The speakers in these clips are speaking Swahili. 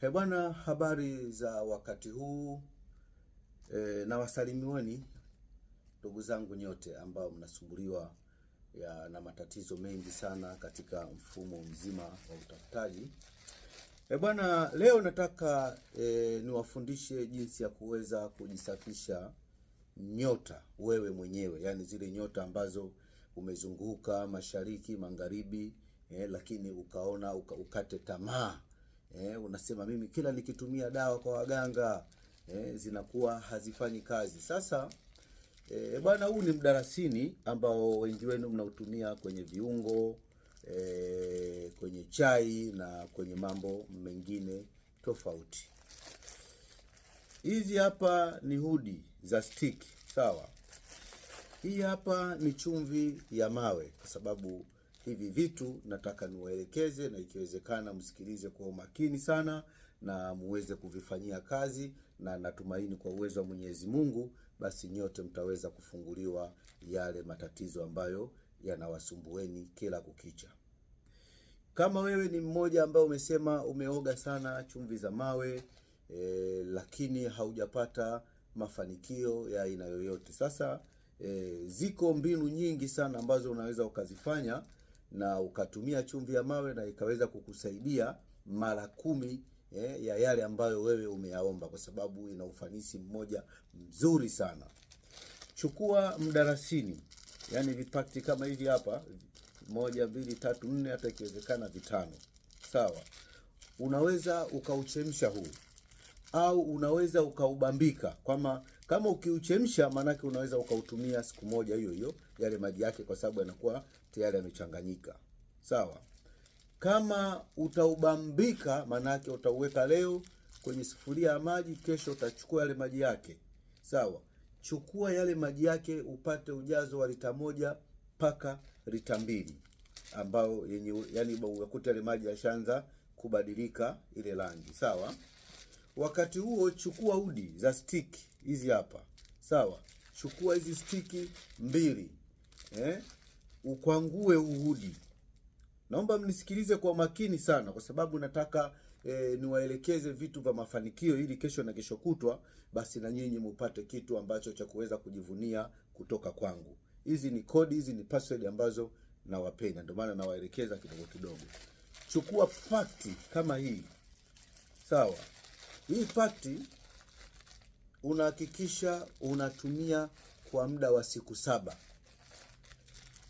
He bwana, habari za wakati huu e, na wasalimiweni ndugu zangu nyote ambao mnasumbuliwa ya, na matatizo mengi sana katika mfumo mzima wa utafutaji. E bwana, leo nataka e, niwafundishe jinsi ya kuweza kujisafisha nyota wewe mwenyewe, yaani zile nyota ambazo umezunguka mashariki, magharibi eh, lakini ukaona uka, ukate tamaa eh, unasema mimi kila nikitumia dawa kwa waganga eh, zinakuwa hazifanyi kazi. Sasa eh, bwana, huu ni mdarasini ambao wengi wenu mnautumia kwenye viungo eh, kwenye chai na kwenye mambo mengine tofauti. Hizi hapa ni hudi za stick, sawa. Hii hapa ni chumvi ya mawe kwa sababu hivi vitu nataka niwaelekeze, na ikiwezekana msikilize kwa umakini sana na muweze kuvifanyia kazi, na natumaini kwa uwezo wa Mwenyezi Mungu, basi nyote mtaweza kufunguliwa yale matatizo ambayo yanawasumbueni kila kukicha. Kama wewe ni mmoja ambaye umesema umeoga sana chumvi za mawe e, lakini haujapata mafanikio ya aina yoyote, sasa e, ziko mbinu nyingi sana ambazo unaweza ukazifanya na ukatumia chumvi ya mawe na ikaweza kukusaidia mara kumi eh, ya yale ambayo wewe umeyaomba, kwa sababu ina ufanisi mmoja mzuri sana. Chukua mdarasini, yani vipakti kama hivi hapa, moja, mbili, tatu, nne, hata ikiwezekana vitano, sawa. Unaweza ukauchemsha huu au unaweza ukaubambika, kama kama ukiuchemsha, maanake unaweza ukautumia siku moja hiyo hiyo yale maji yake, kwa sababu yanakuwa tayari yamechanganyika. Sawa. Kama utaubambika, maanake utauweka leo kwenye sufuria ya maji, kesho utachukua yale maji yake. Sawa, chukua yale maji yake upate ujazo wa lita moja mpaka lita mbili ambao yenye yani, ukakuta yale maji yashaanza kubadilika ile rangi. Sawa, wakati huo chukua udi za stiki hizi hapa sawa. Chukua hizi stiki mbili eh, ukwangue Uhudi. Naomba mnisikilize kwa makini sana, kwa sababu nataka eh, niwaelekeze vitu vya mafanikio, ili kesho na kesho kutwa basi na nyinyi mupate kitu ambacho cha kuweza kujivunia kutoka kwangu. Hizi ni kodi, hizi ni password ambazo nawapenda, ndio maana nawaelekeza kidogo kidogo. Chukua pakti kama hii sawa. Hii pakti unahakikisha unatumia kwa muda wa siku saba,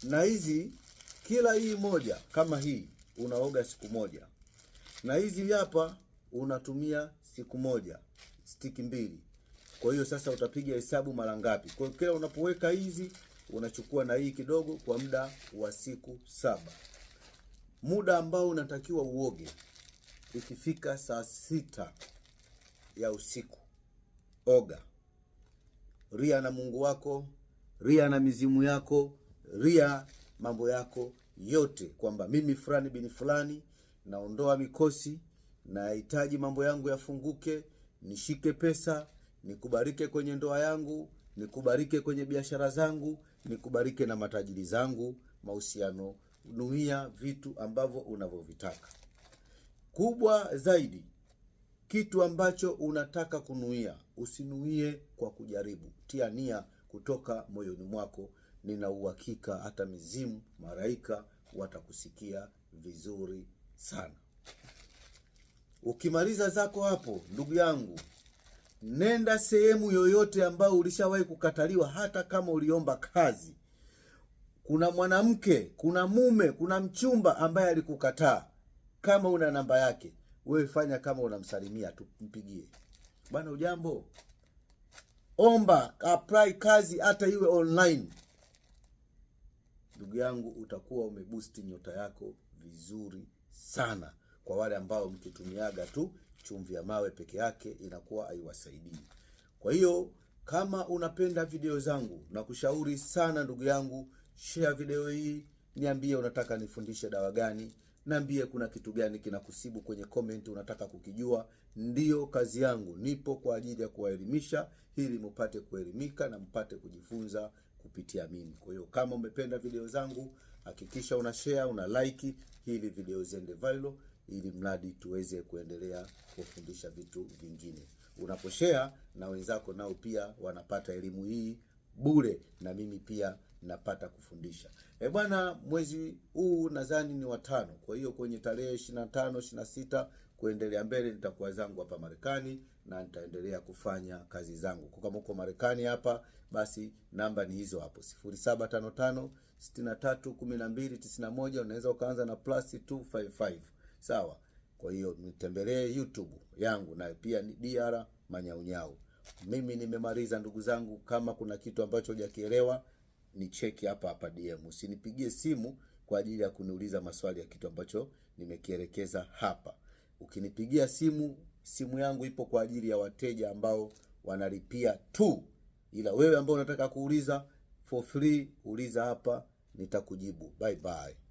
na hizi kila hii moja kama hii unaoga siku moja, na hizi hapa unatumia siku moja, stiki mbili. Kwa hiyo sasa utapiga hesabu mara ngapi? Kwa kila unapoweka hizi unachukua na hii kidogo, kwa muda wa siku saba. Muda ambao unatakiwa uoge ikifika saa sita ya usiku oga. Ria na Mungu wako, ria na mizimu yako, ria mambo yako yote, kwamba mimi fulani bin fulani naondoa mikosi, nahitaji mambo yangu yafunguke, nishike pesa, nikubarike kwenye ndoa yangu, nikubarike kwenye biashara zangu, nikubarike na matajiri zangu, mahusiano. Nuia vitu ambavyo unavyovitaka kubwa zaidi kitu ambacho unataka kunuia, usinuie kwa kujaribu. Tia nia kutoka moyoni mwako. Nina uhakika hata mizimu, maraika watakusikia vizuri sana. Ukimaliza zako hapo, ndugu yangu, nenda sehemu yoyote ambayo ulishawahi kukataliwa, hata kama uliomba kazi. Kuna mwanamke, kuna mume, kuna mchumba ambaye alikukataa. Kama una namba yake, wewe fanya kama unamsalimia tu, mpigie bwana, ujambo. Omba apply kazi hata iwe online, ndugu yangu, utakuwa umeboost nyota yako vizuri sana. Kwa wale ambao mkitumiaga tu chumvi ya mawe peke yake inakuwa haiwasaidii. Kwa hiyo kama unapenda video zangu, nakushauri sana ndugu yangu, share video hii, niambie unataka nifundishe dawa gani. Niambie kuna kitu gani kinakusibu kwenye comment, unataka kukijua. Ndiyo kazi yangu, nipo kwa ajili ya kuwaelimisha ili mupate kuelimika na mpate kujifunza kupitia mimi. Kwa hiyo kama umependa video zangu, hakikisha una share, una like ili video ziende viral, ili mradi tuweze kuendelea kufundisha vitu vingine. Unaposhare na wenzako, nao pia wanapata elimu hii bure, na mimi pia napata kufundisha. E bwana, mwezi huu nadhani ni watano. Kwa hiyo kwenye tarehe ishirini na tano ishirini na sita kuendelea mbele nitakuwa zangu hapa Marekani na nitaendelea kufanya kazi zangu. Kwa kama uko Marekani hapa, basi namba ni hizo hapo 0755 91. unaweza ukaanza na plus 255 sawa. Kwa hiyo nitembelee YouTube yangu na pia ni DR Manyaunyau. Mimi nimemaliza ndugu zangu, kama kuna kitu ambacho hujakielewa ni cheki hapa hapa DM, usinipigie simu kwa ajili ya kuniuliza maswali ya kitu ambacho nimekielekeza hapa. Ukinipigia simu, simu yangu ipo kwa ajili ya wateja ambao wanalipia tu, ila wewe ambao unataka kuuliza for free, uliza hapa, nitakujibu. Bye bye.